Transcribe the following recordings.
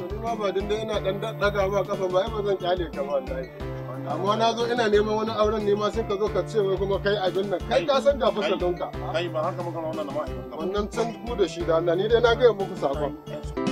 To ni ma ba dinda ina dan daga ba kafa ba ba zan kyale ka ba wallahi. Amma na zo ina neman wani auren ne ma sai ka zo ka ce wai kuma kai abin nan kai ka san da fasa donka. Kai ba haka muka wannan na ma'aikata. Wannan can ku da shi da Allah ni dai na ga muku sakon.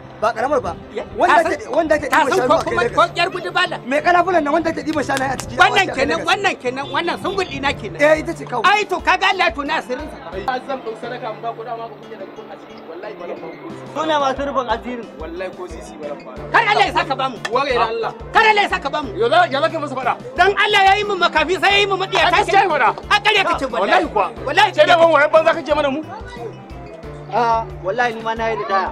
ba karamar ba wanda ke diba shanu a kai ko yar gudu bala me kalafulan nan wanda ke diba shanu a ciki wannan kenan wannan kenan wannan sungul ina kenan eh ita ce kawai ai to kaga Allah to na asirin sa zan dau sadaka ba ku dama ku kunye da kun a ciki wallahi ba suna masu rufin asirin wallahi ko sisi ba kar Allah ya saka bamu ware da Allah kar Allah ya saka bamu yo ya zaka musu fada dan Allah ya yi mu makafi sai ya yi mu madiya ta ce a kare kace wallahi wallahi kuwa wallahi sai da wannan banza kake mana mu Aa, wallahi ni ma na yi ritaya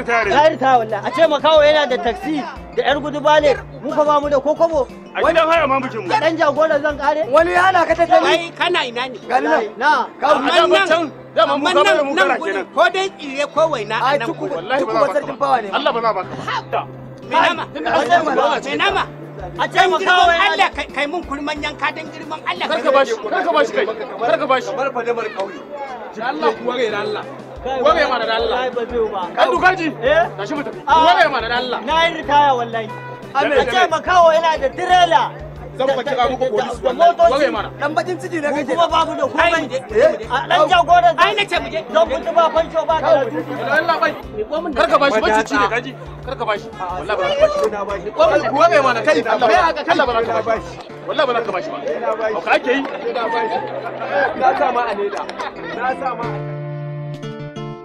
ritaya na yi ritaya wallahi a ce makawo yana da taxi da yar gudu bale mu ko ba mu da kokobo a gidan haya ma mu dan jagora zan kare wani yana ka tattali ai kana ina ne gani na ka mu da mutan dama mu gaba mu gara kenan ko dai tsire ko waina a nan ko wallahi ba za ka Allah ba za ba ka me nama me nama a ce mu Allah kai mun kurman yanka dan girman Allah karka bashi karka bashi kai karka bashi bar fa da bar kauye Allah kuwa ga Allah Wabe mana da Allah. Ba zai ba. Kan dukaji? Eh. Tashi mu tafi. Wabe ah. da Allah. Na yi ritaya wallahi. Ka ce yana da tirela. zan ba kira muku police wallahi waye mana dan bakin ciki ne kake kuma babu da komai dan jagora ai mu muje eh? don kun ba fansho ba da Allah bai kar ka bashi bacci ci ne kaji kar ka bashi ah, wallahi ba ka bashi ko mun kuwa mai mana kai Allah bai haka kalla ba ka bashi wallahi ba ka bashi ba ka ake yi na sa ma a leda na sa ma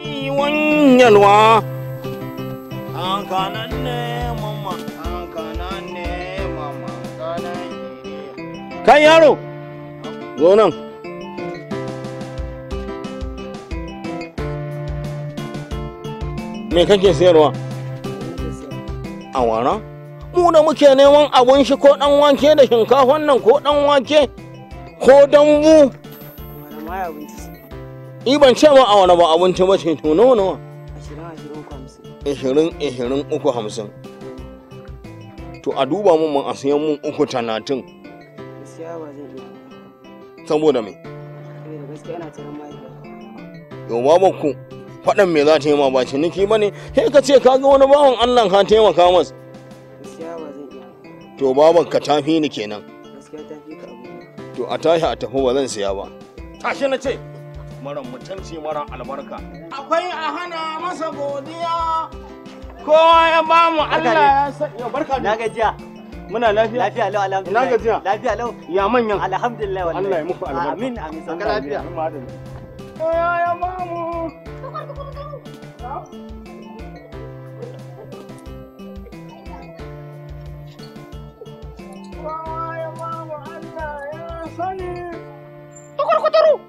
kiwon yalwa hankanan yaro zo nan me kake sayarwa awara mu da muke neman abun shi ko dan wake da shinkafan nan ko dan wake ko dambu Ni ban ce ma a wani ba abinci ba ce to nawa nawa. Ashirin ashirin uku hamsin. To a duba mun mun a siyan mun uku talatin. Saboda me? ba babu ku faɗan me za ta yi ma ba ciniki ba ne sai ka ce ka ga wani bawan Allah ka taimaka masa. To baban ka tafi ni kenan. To a tashi a tafi ba zan siya ba. Tashi na ce. mara mutunci mara albarka akwai a hana masa godiya kowa ya ba mu Allah ya sa barka da gajiya muna lafiya lafiya lau alhamdulillah ina gajiya lafiya lau ya manyan alhamdulillah wallahi Allah ya muku albarka amin amin san lafiya kowa ya ba mu Kowa ya ba mu Allah ya sani tukurkuturu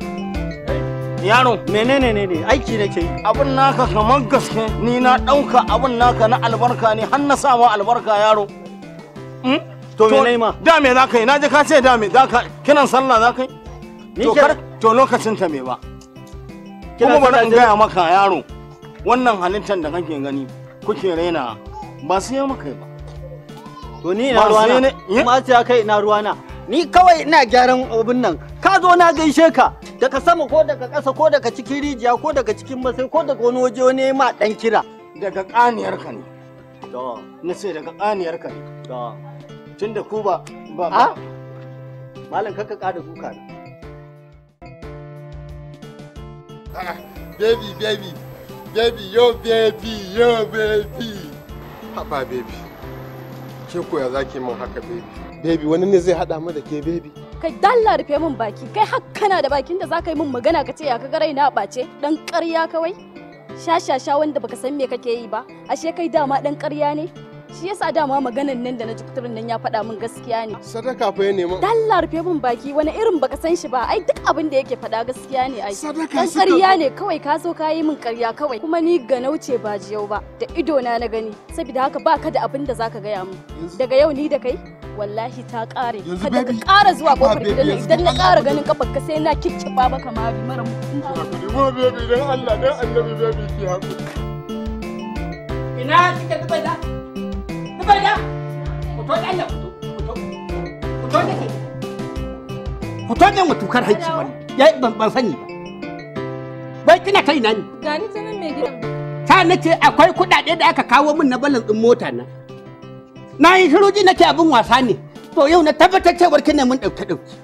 Yaro, menene ne ne aiki nake ke Abin naka kamar gaske ni na ɗauka abin naka na albarka ne har na sama albarka yaro. Hmm? To me nai ma? Da me za ka yi? Na ka ce da me za ka kinan sallah za ka yi? To to lokacin ta me ba. Kuma ba in gaya maka yaro. Wannan halittar da kake gani kuke raina ba su yi maka ba. To ni ina ruwana. Eh? Ma ce kai ina ruwana. ni kawai ina gyaran obin nan ka zo na gaishe ka daga sama ko daga ƙasa ko daga cikin rijiya ko daga cikin masai ko daga wani waje wani ma dan kira daga kaniyar ka ne na sai daga kaniyar ka ne Tunda da ku ba ba ah? malam kaka da kuka na ah, baby baby baby yo baby yo baby papa baby ke koya zaki mun haka baby Baby wani ne zai haɗa mu da ke baby. Kai dalla rufe min baki kai har kana da bakin da zaka yi min magana ka ce ya ka garai na. ɓace dan ƙarya kawai. Shashasha wanda baka san me kake yi ba ashe kai dama dan ƙarya ne. Shi yasa dama maganan nan da na ji kuturin nan ya faɗa min gaskiya ne. Sadaka fa ya nema. Dalla rufe min baki wani irin baka san shi ba ai duk abin da yake faɗa gaskiya ne ai. Sadaka sadaka. ƙarya ne kawai ka zo ka yi min ƙarya kawai kuma ni nauce ba jiyau ba da ido na na gani saboda haka baka da abin da zaka gaya min. Daga yau ni da kai wallahi ta kare kada ka kara zuwa kofar gidan idan na kara ganin kafar ka sai na kicciba maka ma bi mara mutunta ko baby dan Allah dan annabi baby ki hakuri ina kika dubai da dubai da fito da Allah fito fito fito da ke fito da mu tukar haƙi ba yayi ban ban sani ba bai kina kai na ni gani ta nan mai gidan ta nace akwai kuɗaɗe da aka kawo min na balan din mota na na yi shiru ji nake abin wasa ne to yau na tabbatar cewar kina mun ɗauke ɗauki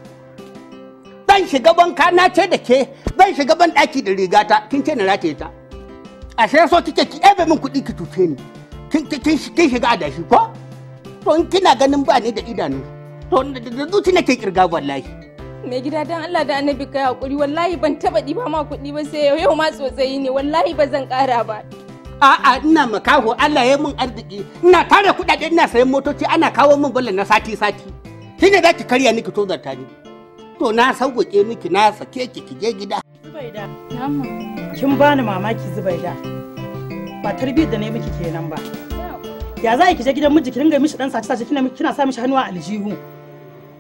zan shiga banka na ce da ke zan shiga ban daki da rigata kin ce na rataye ta ashe so kike ki ebe min kuɗi ki tuce ni kin shiga adashi ko to in kina ganin ba ne da idanu to da zuci nake kirga wallahi mai gida dan Allah da annabi kai hakuri wallahi ban taba ba ma kuɗi ba sai yau ma tsotsayi ne wallahi ba zan ƙara ba a'a ina makaho Allah ya mun arziki ina tara kuɗaɗe ina sayan motoci ana kawo min bulan na sati sati shine zaki karya ni ki to zarta ni to na sauƙoƙe miki na sake ki ki je gida Zubaida kin bani mamaki Zubaida ba tarbiyyar da ne miki kenan ba ya za ki je gidan miji ki ringa mishi dan sace sace kina kina sa mishi hannuwa aljihu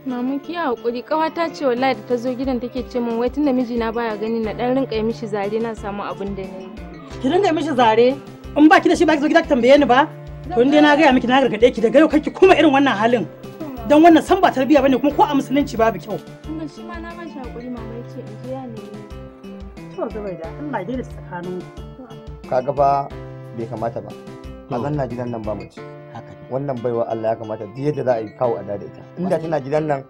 Mamun ki hakuri kawata ce wallahi da ta zo gidan take ce min wai tunda miji na baya gani na dan rinka mishi zare na samu abin da ne ki dinga mishi zare in ba ki da shi ba ki zo gida tambaye ni ba to in dai na gaya miki na gargaɗe ki daga yau ki kuma irin wannan halin dan wannan san ba tarbiya bane kuma ko a musulunci babu kyau kuma shi ma na ba shi hakuri mama yace in ya ne to zubai da Allah dai da tsakanin kaga ba bai kamata ba a zanna gidan nan ba mace wannan baiwa Allah ya kamata duk yadda za a yi kawo a da ita inda tana gidan nan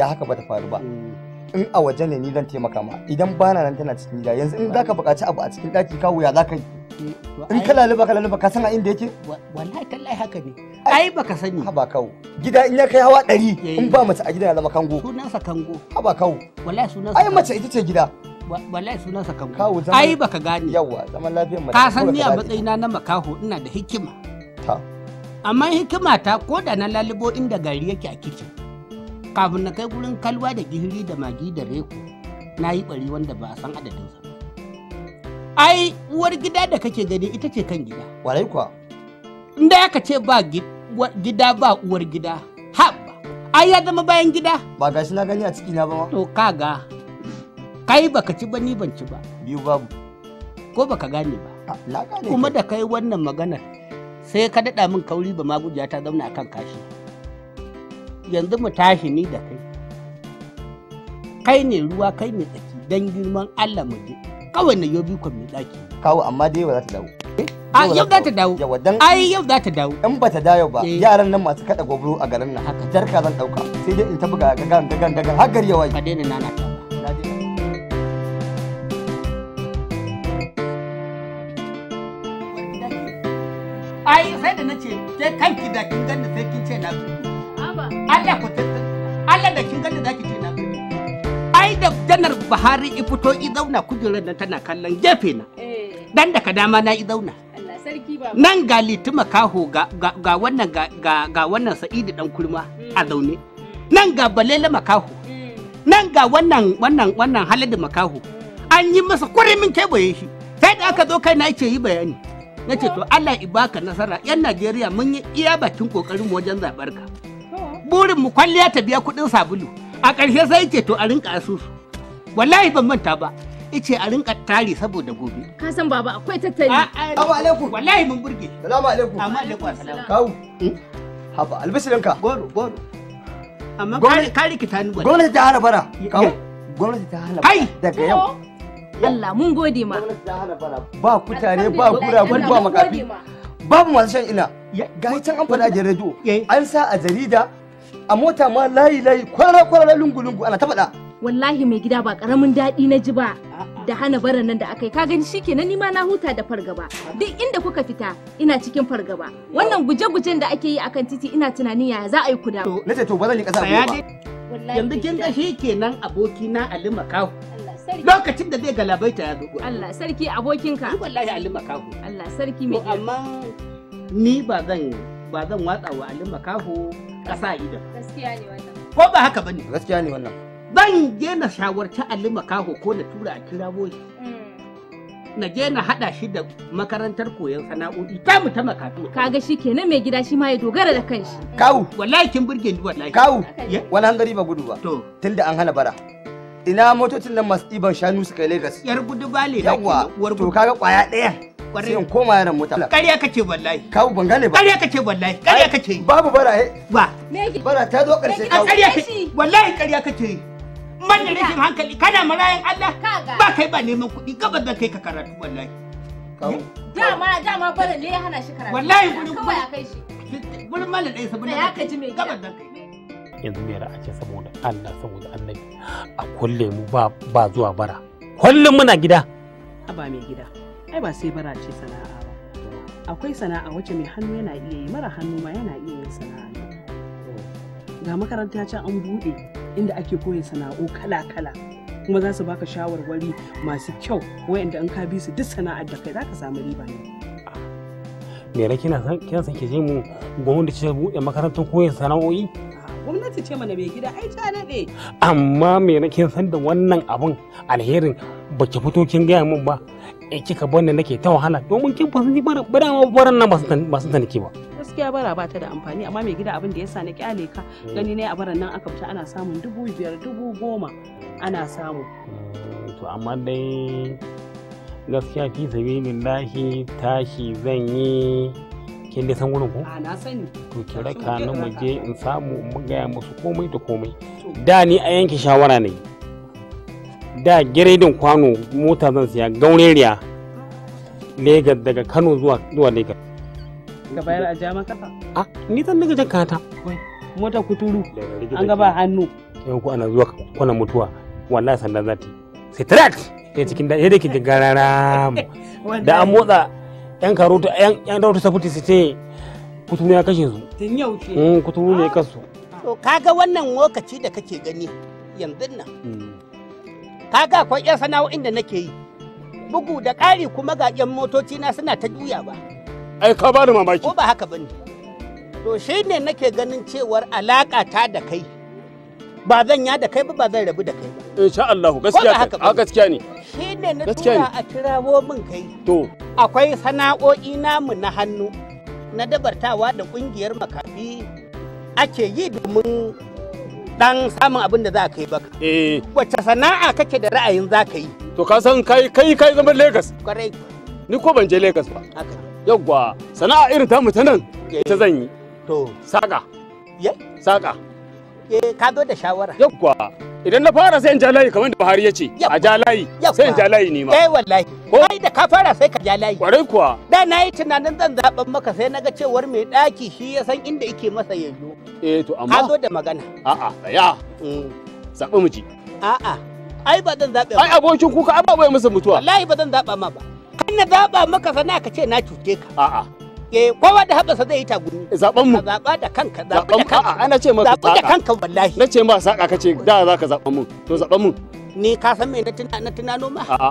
da haka ba ta faru ba mm. in a waje ne ni zan taimaka ma idan bana nan tana cikin gida yanzu in zaka buƙaci abu a cikin ɗaki kawo ya zaka yi eh, in ka laluba ka laluba ka san a inda yake wallahi tallahi haka ne ai baka sani haba kawo gida in ya kai hawa ɗari eh, in ba mace a gida ya zama kango sunansa kango haba kawo wallahi sunansa ai mace ita ce gida wallahi sunansa kango kawo ai baka gane yawa zaman lafiyar mace ka san ni a matsayina na makaho ina da hikima amma hikima ta ko da na lalubo inda gari yake a kicin kafin na kai gurin kalwa da gihiri da magi da reko na yi bari wanda ba a san adadinsa ai uwar gida da kake gani ita ce kan gida warai kuwa inda aka ce ba gida ba uwar gida haba ai ya zama bayan gida ba gashi na gani a ciki na ba to kaga kai baka ci ba ni ban ci ba biyu babu ko baka gane ba kuma da kai wannan maganar sai ka daɗa min kauri ba maguja ta zauna akan kashi yanzu mu tashi ni da kai kai ne ruwa kai ne tsaki don girman Allah mu je kawai na yobi kwan mai daki. kawo amma dai ba za ta dawo ah, a yau za ta dawo ai yau za ta dawo in ba ta dawo ba eh. yaran nan masu kada gobro a garin nan haka jarka zan dauka sai dai in tafi ga gagan gagan gagan har gari yawai ka daina nana ai sai da nace sai kanki da kin ganna sai kin ce na maganar Buhari i fito i zauna kujerar nan tana kallon gefe na. Eh. Dan da ka dama na i zauna. Nan ga Lituma Kaho ga wannan ga wannan Sa'idu dan kurma a hmm. zaune. Nan ga Balele Makaho. Hmm. Nan ga wannan wannan wannan Haladu Makaho. Hmm. An yi masa kurimin kebaye shi. Sai da aka zo kai na yake yi bayani. nace ce to oh. Allah ibaka nasara 'yan Najeriya mun yi iya bakin kokarin wajen zabar ka. Oh. Burin mu kwalliya ta biya kudin sabulu. A ƙarshe sai ce to a rinka asusu. wallahi ban manta ba ice a rinka tari saboda gobe ka san baba akwai tattali assalamu alaikum wallahi mun burge assalamu alaikum amma da alaikum assalam kawu hmm? haba albishirinka goro goro amma ka rikita ni gwamnati ta hana bara kawu gwamnati ta hana bara daga yau Allah mun gode ma gwamnati ta hana bara ba kutare ba guragu ba makafi babu masu shan ina ga can an fada a radio an sa a jarida a mota ma layi layi kwara kwara lungu lungu ana ta fada wallahi mai gida ba karamin daɗi na ji ba da hana baran nan da aka yi ka gani kenan ni ma na huta da fargaba duk inda kuka fita ina cikin fargaba wannan guje-gujen da ake yi akan titi ina tunanin yaya za a yi kuda to nace to ba zan yi kasa ba yanzu kin ga kenan aboki na Ali Makahu lokacin da zai galabaita ya zo Allah sarki abokinka wallahi Ali Makahu Allah sarki mai amma ni ba zan ba zan watsa wa Ali Makahu kasa idan gaskiya ne wannan ko ba haka bane gaskiya ne wannan ban je na shawarci Ali Makaho ko na tura a kira boye. Mm. Na je na haɗa shi da makarantar koyon sana'o'i ta mu ta makatu. Kaga shi kenan mai gida shi ma ya dogara da kanshi. Kawu. Wallahi kin burge ni wallahi. Kawu. Wani hangari ba gudu ba. To. Tunda an hana bara. Ina motocin nan masu ɗiban shanu su kai Lagos. Yar gudu ba ne. Yawwa. To kaga kwaya ɗaya. kwarai sai in koma yaran mota Kariya kace wallahi Kawu ban gane ba Kariya kace wallahi Kariya kace babu bara eh. ba bara ta zo ƙarshe kawu. ƙarya kace wallahi kariya kace ban da rashin hankali kana marayan Allah ba kai ba neman kuɗi gaba da kai ka karatu wallahi kawo dama dama bara ne ya hana shi karatu wallahi gurin kawai a kai shi gurin malam ɗaya saboda ya ka ji mai gaba da kai yanzu me ra'a ce saboda Allah saboda annabi a kulle mu ba ba zuwa bara kullum muna gida ba mai gida ai ba sai bara ce sana'a ba akwai sana'a wacce mai hannu yana iya yi mara hannu ma yana iya yin sana'a ga makaranta can an buɗe inda ake koya sana'o kala-kala kuma za su baka shawarwari masu kyau wayanda an ka bi su duk sana'ar da kai za ka samu riba ne. Mera kina san kina san ke je mu gwamnati ce buɗe makarantar koyin sana'o'i? Gwamnati ce mana mai gida ai ta daɗe. Amma na kin san da wannan abun alherin baki fito kin gaya min ba e kika bani nake ta wahala domin kin fasanci bara bara ma baran nan ba su ba. gaskiya bara ba ta da amfani amma mai gida abin da yasa na kyale ka gani ne a baran nan aka fita ana samun dubu biyar dubu goma ana samu eh, to amma dai gaskiya fi lahi tashi zan yi kin dai san wurin ko na sani to ki raka ni mu je in samu in gaya musu komai da komai da ni a yanke shawara ne da giredin kwano mota zan siya gaureriya Legas daga Kano zuwa Legas. ka bayar a jama maka a ni zan daga jan kata mota kuturu an gaba hannu yan ku ana zuwa kwana mutuwa wallahi sandan zati sai trat sai cikin da yadda kike gararam da an motsa yan karoto yan yan dautu safuti su ce kuturu ya kashe su tun yaushe mm, kuturu ne ah. kasu to kaga wannan lokaci da kake gani yanzu nan mm. kaga akwai yan sana'o'in da nake yi bugu da ƙari kuma ga yan motoci na suna ta juya ba ai ka bani mamaki ko ba haka bane to shi ne nake ganin cewar alaka ta da kai ba zan ya da kai ba ba zan rabu da kai ba insha Allah gaskiya ka gaskiya ne shi ne na tura a kirawo min kai to akwai sana'o'i namu na hannu na dabartawa da kungiyar makafi ake yi domin dan samun abin da za ka yi baka. eh Wacce sana'a kake da ra'ayin za ka yi? To ka san kai kai kai zaman lagos Kwarai. Ni ko ban je lagos ba. Haka. yagwa sana'a irin tamu ta nan ita zan yi to saka ye saka eh ka zo da shawara yagwa idan na fara sai in ja layi kamar da Buhari ya ce a ja layi sai in ja layi ne ma eh wallahi kai da ka fara sai ka ja layi kwarai kuwa da na yi tunanin zan zaben maka sai na ga cewar mai daki shi ya san inda yake masa yanzu eh to amma ka zo da magana a'a ya mm. zabi miji a'a ai ba zan zaɓe ai abokin kuka ai ya musu mutuwa wallahi ba zan zaɓa ma ba na zaba maka sana ka ce na cuce ka. A'a. Eh kowa da haɓa sa zai yi tagumi. Eh, zaɓan mu. Zaɓa da kanka. Zaɓan mu. A'a ana ce maka saƙa. Zaɓa da kanka wallahi. Na ce ma saƙa ka ce da za ka zaɓan mu. To zaɓan mu. Ni ka san me na tunano ma? A'a.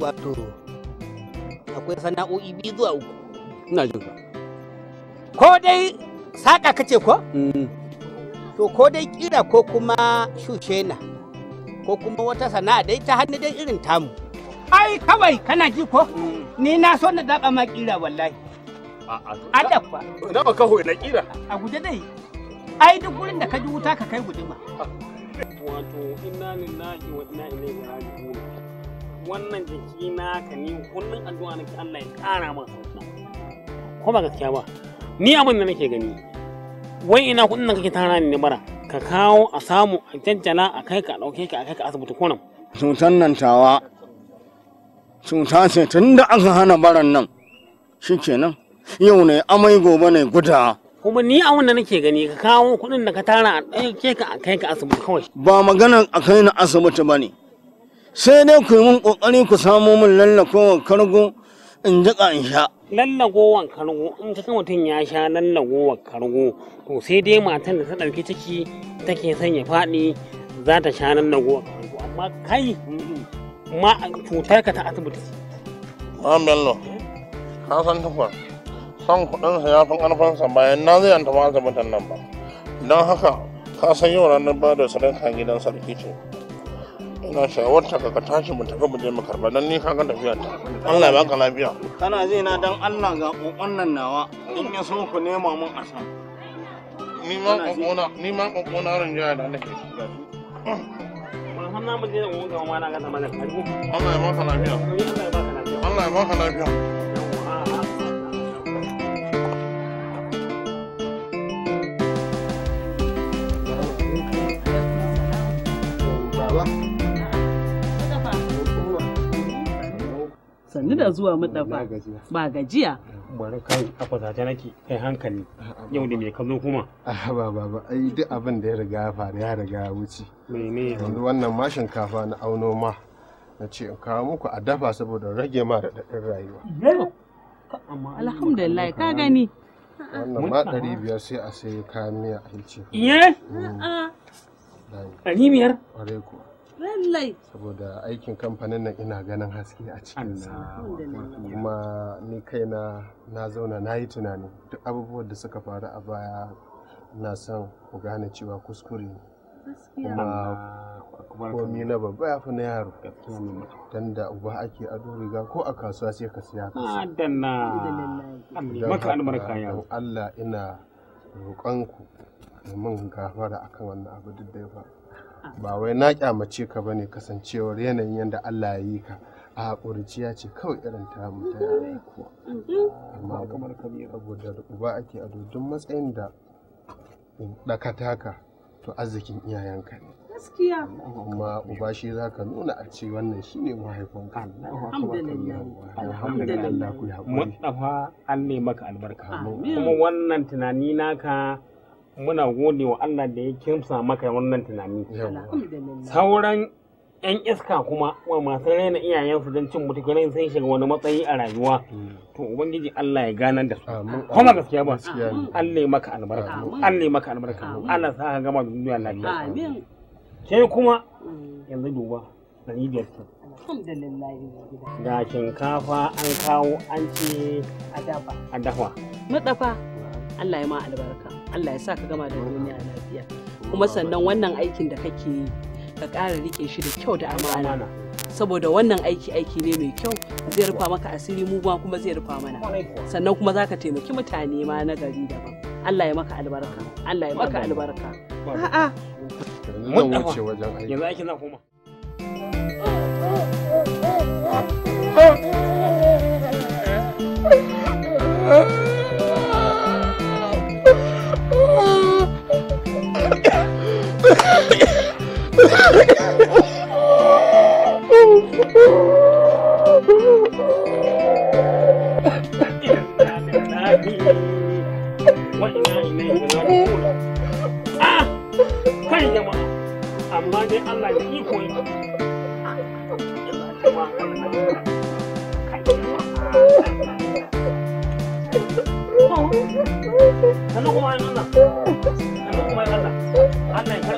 Wato akwai sana'o'i biyu zuwa uku. Ina jin ka. Ko dai saƙa ka ce ko? Mm. To ko dai kira ko kuma shushena ko kuma wata sana'a dai ta hannu dai irin tamu. ai kawai kana ji ko mm. ni na so na daba ma kira wallahi a kwa na ba kaho na kira a guje dai ai duk gurin da ka ji wuta ka kai guduma wato inna lillahi wa inna ilaihi raji'un wannan jiki na ka ni kullun addu'a nake Allah ya kara ma ko ba gaskiya ba ni abin da nake gani wai ina kudin da kake tara ni ne mara ka kawo a samu a cancana a kai ka dauke ka a kai ka asibiti ko nan. Cutan nan tawa cuta tashi tun da aka hana baran nan shikenan yau ne amai gobe ne guda kuma ni a wanda nake gani ka kawo kuɗin da ka tara a ke ka kai ka asibiti kawai ba maganar a kai na asibiti ba ne sai dai ku yi min ƙoƙari ku samo min lallakowar kargo in jiƙa in sha lallagowar kargo in ka mutum ya sha lallagowar kargo to sai dai matan da ta ɗauki ciki take son ya faɗi za ta sha lallagowar kargo amma kai ma cutar ka ta asibiti ma bello ka san tukwa san kudin sa ya fin karfin bayan na zai anta ma asibitin nan ba don haka ka san yau ranar ba da sadaka gidan sarki ce ina shawarta ka ka tashi mu tafi mu je mu karba don ni ka ga tafiya ta Allah ya baka lafiya kana zai na dan Allah ga kokon nan nawa in ya so ku nema mun a asan ni ma kokona ni ma kokona ran jaya da nake hamna da da zuwa madafa ba gajiya. bari kai a fasace nake kai hankali yau da mai kazo kuma ba ba ba ai duk abin da ya riga ya faru ya riga ya wuce mene yanzu wannan ma shinkafa na auno ma na ce in kawo muku a dafa saboda rage ma da dadin rayuwa alhamdulillah ka gani wannan ma ɗari biyar sai a sai kayan miya a hilce. Iye? Mm. Ɗari biyar? Ƙwarai kuwa. lallai saboda aikin kamfanin nan ina ganin haske a cikin kuma ni kaina na zauna na yi tunani duk abubuwan da suka faru a baya na son ku gane cewa kuskure ne kuma komi na babba ya fi na yaro don da uba ake ado riga ko a kasuwa sai ka siya ka ah, maka Allah ina roƙonku ku min gafara kan wannan abu duk da ya faru ba wai na kyamace ka bane kasancewar yanayin yadda Allah ya yi ka a ƙuriciya ce kawai irin ta mutane amma kamar ka kamar saboda da uba ake a duk matsayin da ɗakataka to arzikin iyayenka ne gaskiya amma uba shi za ka nuna a ce wannan shi ne mahaifinka alhamdulillah ku haƙuri an ne maka albarka kuma wannan tunani naka muna gode wa Allah da ya kimsa maka wannan tunani sauran yan iska kuma wa masu raina iyayensu don cin mutukurai sun shiga wani matsayi a rayuwa to ubangiji Allah ya ganar da su kuma gaskiya ba Allah ya maka albarka Allah ya maka albarka Allah sa ka gama duniya lafiya Ke kuma mm. yanzu duba dari biyar ga shinkafa an kawo an ce a dafa a dafa Allah ya ma albarka Allah ya sa ka gama da duniya lafiya kuma sannan wannan aikin da kake yi ka ƙara rike shi da kyau da amana saboda wannan aiki aiki ne mai kyau zai rufa maka asiri mu kuma zai rufa mana sannan kuma zaka taimaki mutane ma na gari daban Allah ya maka albarka Allah ya maka albarka a'a mun wuce wajen aiki yanzu aiki na koma Oh, oh, oh, oh kai jama'a amma dai Allah ya iko yi Sannu kuma yin Allah, ne kuma yin Allah, Allah ya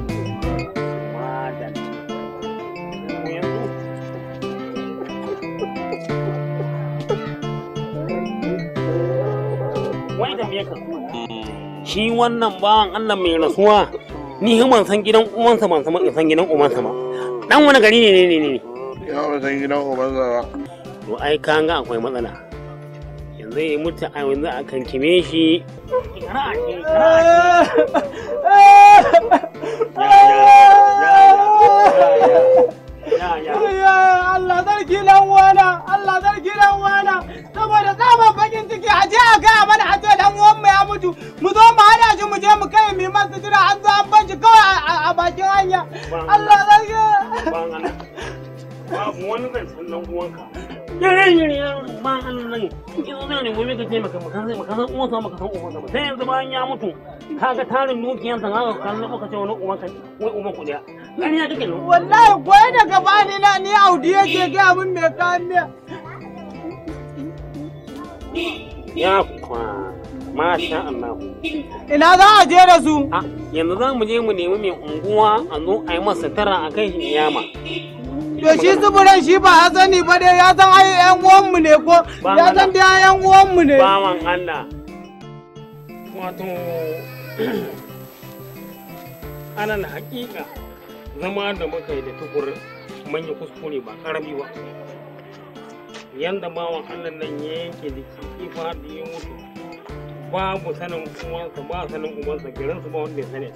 shi wannan bawan Allah mai rasuwa ni ban san gidan uwansa ban san san gidan uwansa ba dan wani gari ne ne ne ne ya ban san gidan uwansa ba to ai ka ga akwai matsala yanzu ya mutu a yanzu a kan kime shi Allah sarki lan wana Allah Allah daga babu wani zai tsallan uwanka yare yare nan ne ka ce maka maka sai maka san uwansa maka san sai yanzu bayan ya mutu kaga tarin dukiyansa kaga kallon maka ce wani wai uwan ku ne wallahi na ni audi yake ga mun me ya kwa Masha Allah. Ina za a je da su? Yanzu za mu je mu nemi mai unguwa a zo a yi masa tara a kan yama. To shi zuburan shi ba ya sani ba dai ya san ai yan uwanmu ne ko ya san dai yan uwanmu ne. Bawan Allah. Wato ana na hakika zama da muka yi da tukur manya kuskure ba karami ba. Yanda bawan Allah nan ya yanke da kifa da ya mutu babu sanin uwansa ba sanin uwansa garin su ba wanda ya sani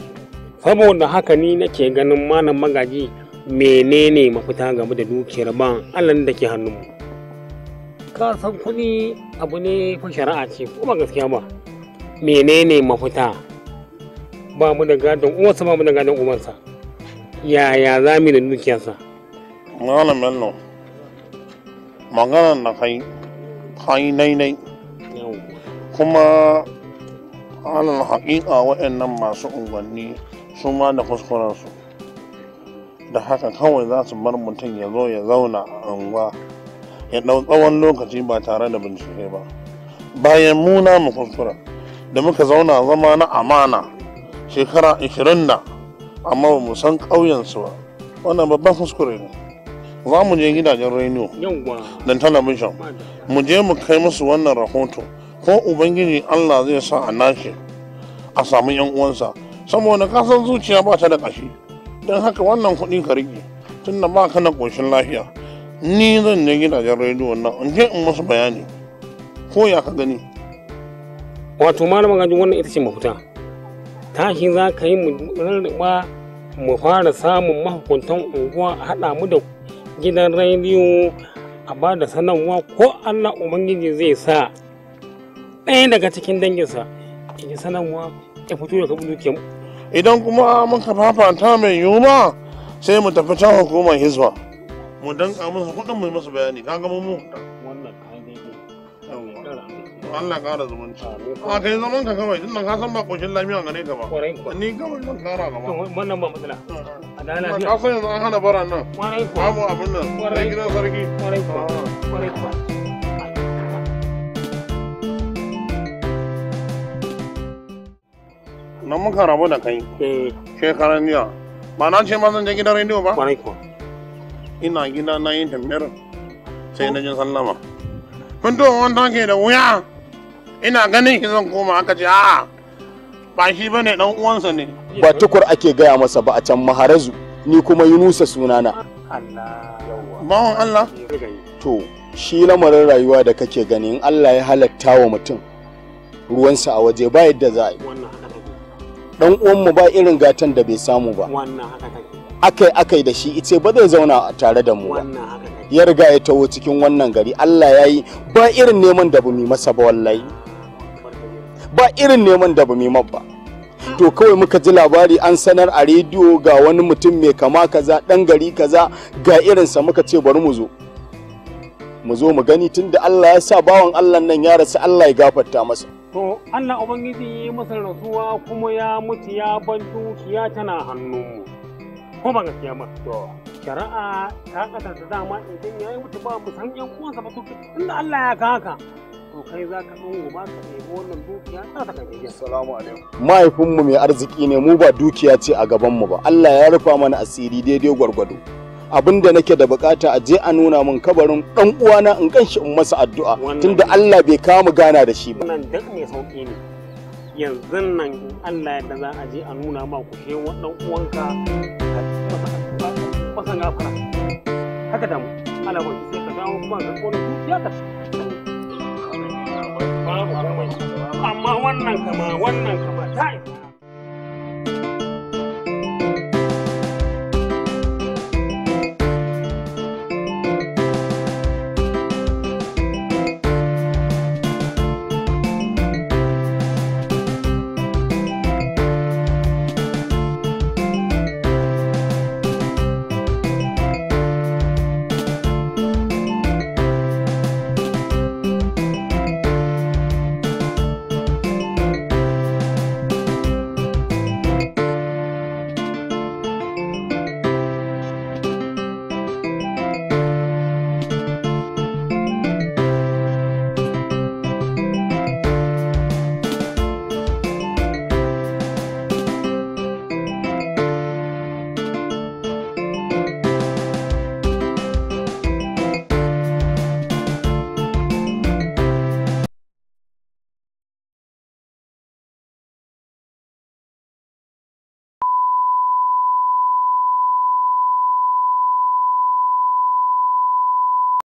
saboda haka ni nake ganin malam magaji menene mafita game da dukiyar ban alan da ke hannunmu ka san kuni abu ne fa shari'a ce kuma gaskiya ba menene mafita ba mu da gadon uwansa ba mu da gadon uwansa yaya za mu da dukiyarsa malam bello maganan na kai kai nai nai kuma alal haƙiƙa waɗannan masu unguwanni sun ma da kuskurensu da haka kawai za su bar mutum ya zo ya zauna a unguwa ya ɗau tsawon lokaci ba tare da bincike ba bayan muna mu kuskura da muka zauna zama na amana shekara 20 da amma ba mu san ƙauyensu ba wannan babban kuskure ne za mu je gidajen rainiyo da talabijin mu je mu kai musu wannan rahoto ko ubangiji allah zai sa a nashi a samu yan uwansa saboda kasan zuciya ba ta da ƙashi don haka wannan kuɗi ka rike tun da ba ka na ƙoshin lafiya ni zan je gidajen rediyo na in je in musu bayani ko ya ka gani wato malam gajin wannan ita ce mafita tashi za ka yi rarraba mu fara samun mahukuntan unguwa a haɗa mu da gidan rediyo a ba da sanarwa ko allah ubangiji zai sa ɗaya daga cikin danginsa in yi sanarwa ya fito ya kaɓi dukiyar idan kuma mun muka fafata mai yuma sai mu tafi can hukumar hizba mu danka masa kuɗin mu masa bayani kaga mu Allah ƙara zumunci. A kai zaman ka kawai, tun ka san ba ƙoshin lafiya gare ka ba. Ni kawai zan ƙara gaba. Wannan ba matsala. Adala Ka san yanzu an hana bara nan. Babu abin nan. Sai gidan sarki. Kwarai kuwa. Kwarai kuwa. nan muka rabu da kai eh. shekaran jiya ba na ce ma zan je gidan rediyo ba ina gida na yi tambayar sai na ji sallama fitowar wanda ke da wuya ina ganin shi zan koma aka ce a'a ba shi bane dan uwansa ne ba tukur ake gaya masa ba a can maharazu ni kuma yi yunusa sunana bawan allah to shi lamarin rayuwa da kake gani in allah ya halatta wa mutum ruwansa a waje ba yadda za a yi dan uwanmu ba irin gatan da bai samu ba wannan haka akai akai da shi ice ba zai zauna tare da mu ba ya riga ya taho cikin wannan gari Allah ya yi ba irin neman da bumi masa ba wallahi ba irin neman da bumi ba to kawai muka ji labari an sanar a rediyo ga wani mutum mai kama kaza dan gari kaza ga irinsa muka ce bari mu zo mu zo mu gani tunda Allah ya sa bawan Allah nan ya rasu Allah ya gafarta masa to Allah Ubangiji masa rasuwa kuma ya mutu ya ban dukiya tana hannu ko ba gaskiya ba to shari'a ta kasar da dama idan ya yi mutu ba mu san yan uwansa ba inda Allah ya ka haka to kai za ka dungu ba ka ɗebi wannan dukiya ta ta kai assalamu alaikum mahaifinmu mai arziki ne mu ba dukiya ce a gabanmu ba Allah ya rufa mana asiri daidai gwargwado abin da nake da bukata a je a nuna min kabarin dan uwana in ganshi in masa addu'a tunda Allah bai kawo mu gana da shi ba wannan duk ne sauki ne yanzu nan Allah yadda za a je a nuna ma ku she wa dan uwanka ga fara? haka da mu ana ba sai ka dawo kuma ga kona ya ta amma wannan kama wannan kama ta